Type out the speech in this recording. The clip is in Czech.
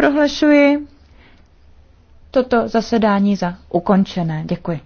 Prohlašuji toto zasedání za ukončené. Děkuji.